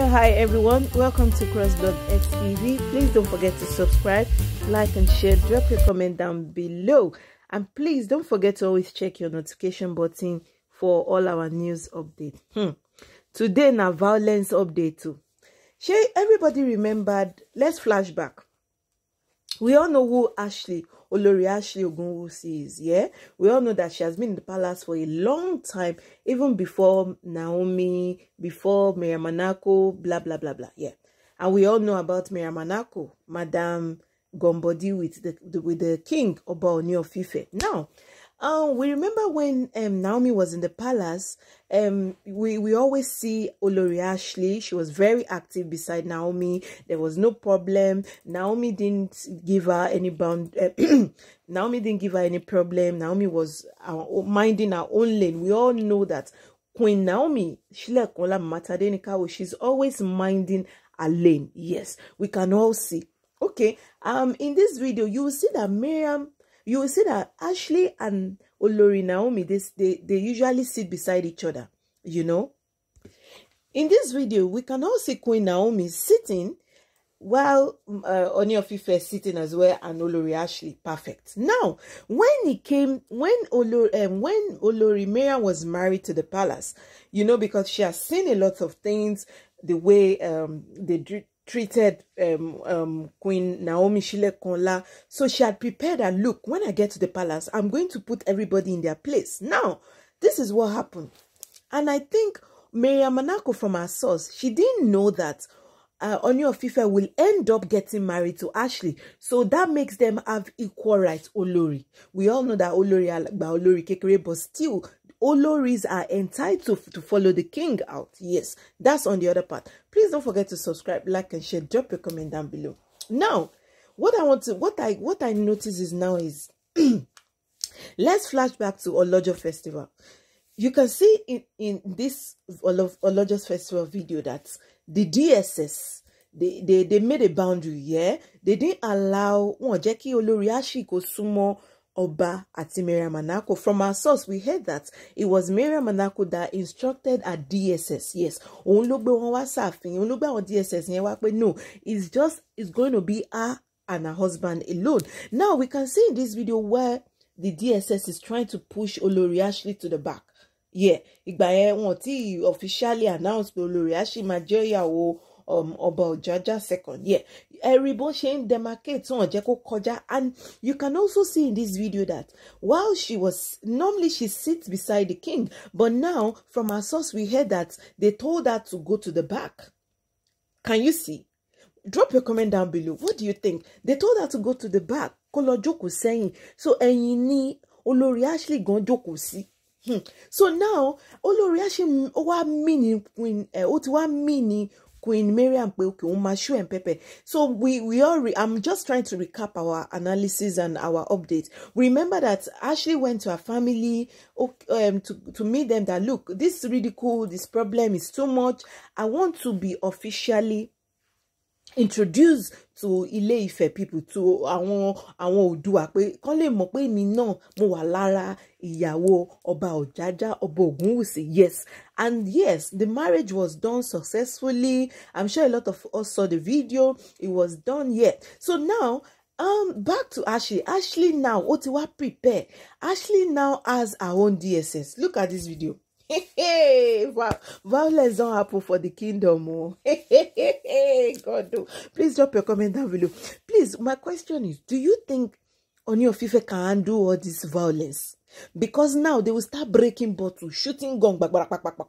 hello hi everyone welcome to cross.xev please don't forget to subscribe like and share drop your comment down below and please don't forget to always check your notification button for all our news update hmm. today now violence update too she everybody remembered let's flashback we all know who ashley Olori Ashley Ogunwusi is. Yeah, we all know that she has been in the palace for a long time, even before Naomi, before Miriam Anako, blah blah blah blah. Yeah, and we all know about Miriam Anako, Madame Gombodi with the, the with the king Oba Oni Now, um, we remember when um, Naomi was in the palace, um, we, we always see Olori Ashley. She was very active beside Naomi. There was no problem. Naomi didn't give her any bound. Uh, Naomi didn't give her any problem. Naomi was our, uh, minding her own lane. We all know that Queen Naomi, she's always minding her lane. Yes, we can all see. Okay, um, in this video, you will see that Miriam you will see that Ashley and Olori Naomi, they, they, they usually sit beside each other, you know. In this video, we can all see Queen Naomi sitting while mm, uh, Oniofife is sitting as well and Olori Ashley. Perfect. Now, when he came, when Olori, um, when Olori Mira was married to the palace, you know, because she has seen a lot of things, the way um, they treated um, um, Queen Naomi Shilekonla. So she had prepared and look, when I get to the palace, I'm going to put everybody in their place. Now, this is what happened. And I think Maria Manako from our source, she didn't know that uh, Onyo Fife will end up getting married to Ashley. So that makes them have equal rights, Olori. We all know that Olori Alagba, Olori Kekere, but still, Oloris are entitled to, to follow the king out. Yes, that's on the other part. Please don't forget to subscribe, like, and share. Drop your comment down below. Now, what I want to, what I, what I notice is now is, let's flash back to Olojo Festival. You can see in, in this Olojo Festival video that the DSS, they, they, they made a boundary, yeah? They didn't allow, one jẹ́ kí olórí Oba at Miriam Manako. From our source, we heard that it was Miriam Manako that instructed at DSS. Yes, òun ló gbé wọn wá sáàfin, òun ló gbé DSS yẹn wá pé no, it's just it's going to be her and her husband alone. Now we can see in this video where the DSS is trying to push Olori Ashley to the back. Yeah, ìgbà yẹn officially announced pé Olori Ashley máa jẹ́ Um, ọba ọ̀jájá second year ẹ̀rí bó ṣe ń demarcate tí wọ́n jẹ́ kó kọjá and you can also see in this video that while she was normally she sits beside the king but now from her source we heard that they told her to go to the back can you see drop your comment down below what do you think they told her to go to the back kó lọ jókòó sẹ́yìn so ẹ̀yìn ni olórí Ashley gan jókòó sí hmm. so now olori Ashley ó wá mí ni ó ti wá mí ni Queen Miriam Pelke, Umashu and Pepe. So we, we all, re- I'm just trying to recap our analysis and our update. Remember that Ashley went to her family um, to, to meet them that, look, this ridicule, this problem is too much. I want to be officially introduce to ilé Ifẹ̀ people to àwọn àwọn Oòduà pé kán lè mọ̀ pé èmi náà mo wà lára ìyàwó ọba Ọ̀jájá ọba Ògúnwùsì yes and yes the marriage was done successfully I'm sure a lot of us saw the video it was done yet so now um back to ashley ashley now ó ti wá prepare ashley now has her own dss look at this video wow, violence don happen for the kingdom oh god oh please drop your comment down below please my question is do you think Ooni can handle all this violence because now they will start breaking bottles shooting gun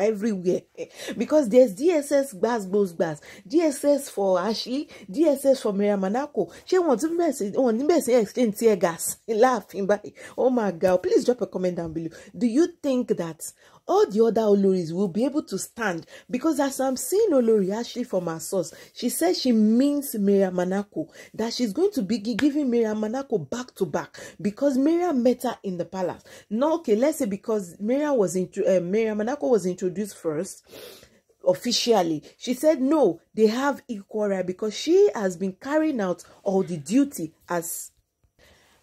everywhere because there's DSS gbas gbos gbas DSS for ashi DSS for Maria Manako. She wants to sí wọn ti bẹ̀rẹ̀ exchange tear gas Laughing, báyìí oh my god please drop a comment down below do you think that all the other Oloris will be able to stand because as I'm seeing Olori actually from her source, she says she means Miriam Manako, that she's going to be giving Miriam Manako back to back because Miriam met her in the palace. No, okay, let's say because Miriam was into uh, eh, Miriam Manako was introduced first officially. She said no, they have equal right because she has been carrying out all the duty as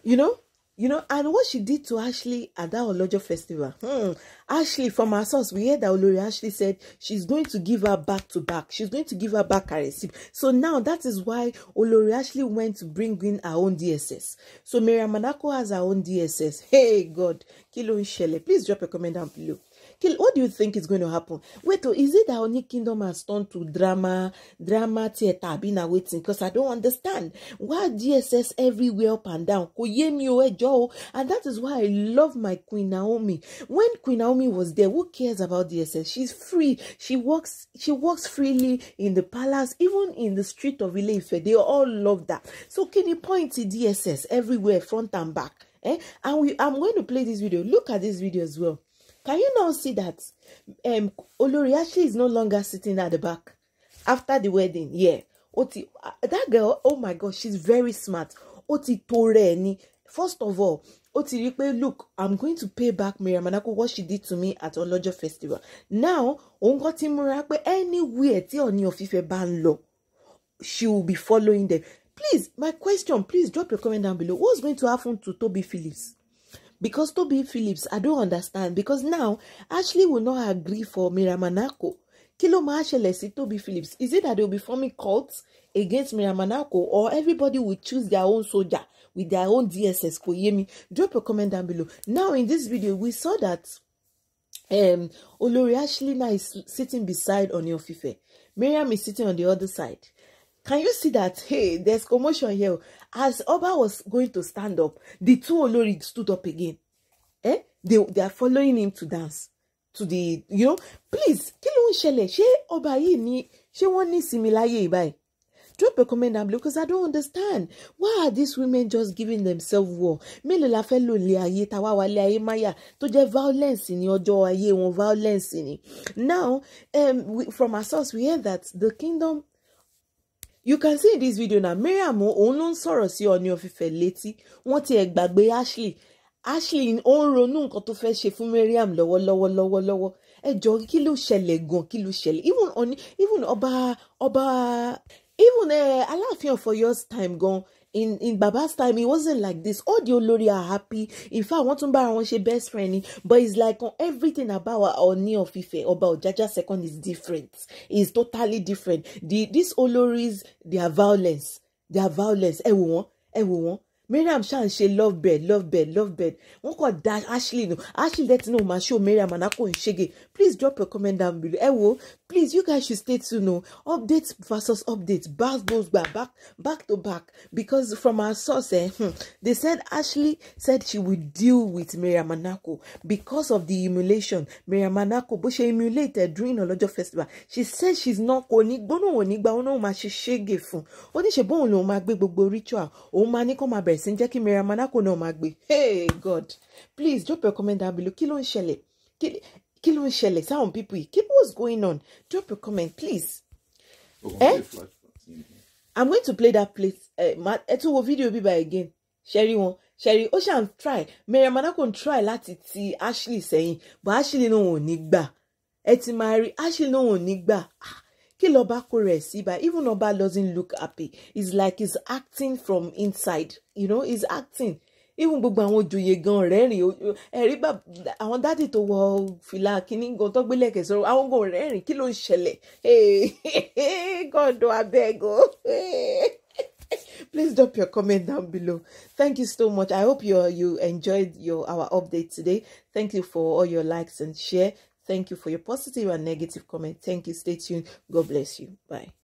you know you know, and what she did to Ashley at that Olojo festival. Hmm. Ashley, from our source, we heard that Olori Ashley said she's going to give her back to back. She's going to give her back her receipt. So now that is why Olori Ashley went to bring in her own DSS. So Miriam Manako has her own DSS. Hey, God. Kilo Shele. Please drop a comment down below. Kill, what do you think is going to happen? Wait, oh, is it that Oni Kingdom has turned to drama, drama theater? Been waiting because I don't understand why DSS everywhere up and down. And that is why I love my Queen Naomi. When Queen Naomi was there, who cares about DSS? She's free. She works. She works freely in the palace, even in the street of Ileife. They all love that. So can you point to DSS everywhere, front and back? Eh? And we, I'm going to play this video. Look at this video as well. Can you now see that um, Olori Ashley is no longer sitting at the back after the wedding? Yeah. Oti, uh, that girl, oh my God, she's very smart. Oti Tore ni. First of all, Oti Rikpe, look, I'm going to pay back Miriam Anako what she did to me at Olojo Festival. Now, Ongo Timurakpe, anywhere ti Oni Ofife ban lo, she will be following them. Please, my question, please drop your comment down below. What's going to happen to Toby Phillips? because Toby Phillips, I don't understand. Because now Ashley will not agree for Miramanako. Kilo Maashelesi, Toby Phillips. Is it that they'll be forming cults against Miramanako or everybody will choose their own soldier with their own DSS? Koyemi, drop a comment down below. Now, in this video, we saw that um, Olori Ashley now is sitting beside Oniofife. Miriam is sitting on the other side can you see that hey there's commotion here as Oba was going to stand up the two Olori stood up again eh they they are following him to dance to the you know please kill one ń She Oba Ọba yìí ni ṣé wọ́n ní ìsinmi láyé ìbáyìí drop a comment down below because I don't understand why are these women just giving themselves war mélòó la fẹ́ lò lé ayé tá a wá wálé ayé máyà tó jẹ́ violence ní ọjọ́ ayé wọn violence ni now um, we, from our source we hear that the kingdom you can see in this video na Mariam òun ló ń sọ̀rọ̀ sí Ọọ̀ni of Ifẹ̀ létí wọ́n ti ẹ̀ gbàgbé Ashley Ashley ó ń ronú nǹkan tó fẹ́ ṣe fún Mariam lọ́wọ́lọ́wọ́ lọ́wọ́lọ́wọ́ ẹ jọ kí ló ṣẹlẹ̀ gan kí ló ṣẹlẹ̀ even Ọọ̀ni even ọba ọba even uh, Aláàfin of Ọ̀yọ́ time gan in in baba's time it wasn't like this all the olori are happy in fact wọn tún bára wọn ṣe best friend ni but it's like on everything about Ooni of Ife Oba Ojaja second is different it's totally different the these oloris their violence their violence ẹ wò wọn ẹ wò wọn Mariam ṣáà ń ṣe love bed, love bed, love bird wọn kàn da Ashley nù Ashley lẹ́tí náà máa ṣó Mariam àná kò ń ṣègè please drop your comment down below ẹ wo please you guys should stay tuned o oh. updates versus updates. back goes back back back to back because from our source eh, hmm, they said Ashley said she would deal with Mariam Anako because of the emulation Mariam Anako bó ṣe emulated during a Ọlọ́jọ́ festival she said she's not kò ní gbóná òun ní gba òun náà máa ṣe ṣége fún ó ní ṣe bóun lòun máa gbé gbogbo ritual òun máa ní kó máa bẹ̀rẹ̀ sí jẹ́ kí Mariam Anako hey God please drop your comment down below Kill on ń ṣẹlẹ̀ kí ló ń ṣẹlẹ̀ sáwọn people yìí keep what's going on drop a comment please. Oh, eh? I'm going to play that place eh, ẹ tún wo fídíò bíbá again ṣẹ́rí wọn ṣẹ́rí ó ṣàn try Mariam Anako ń try láti ti Ashley sẹ́yìn but Ashley náà ò ní gbà ẹ ti máa rí Ashley náà ò ní gbà ah kí lọ́ba kó rẹ̀ sí ibà even ọba doesn't look happy it's like he's acting from inside you know he's acting. even gbogbo àwọn òjòyè gan rẹ́rìn ẹ̀rí bá àwọn dádì tó wọ fìlà kínní gan tó gbélé ẹ̀kẹ́ sọ̀rọ̀ àwọn gan rẹ́rìn kí ló ń ṣẹlẹ̀ gọ́dọ̀ abẹ́gọ́. Please drop your comment down below. Thank you so much. I hope you you enjoyed your our update today. Thank you for all your likes and share. Thank you for your positive and negative comment. Thank you. Stay tuned. God bless you. Bye.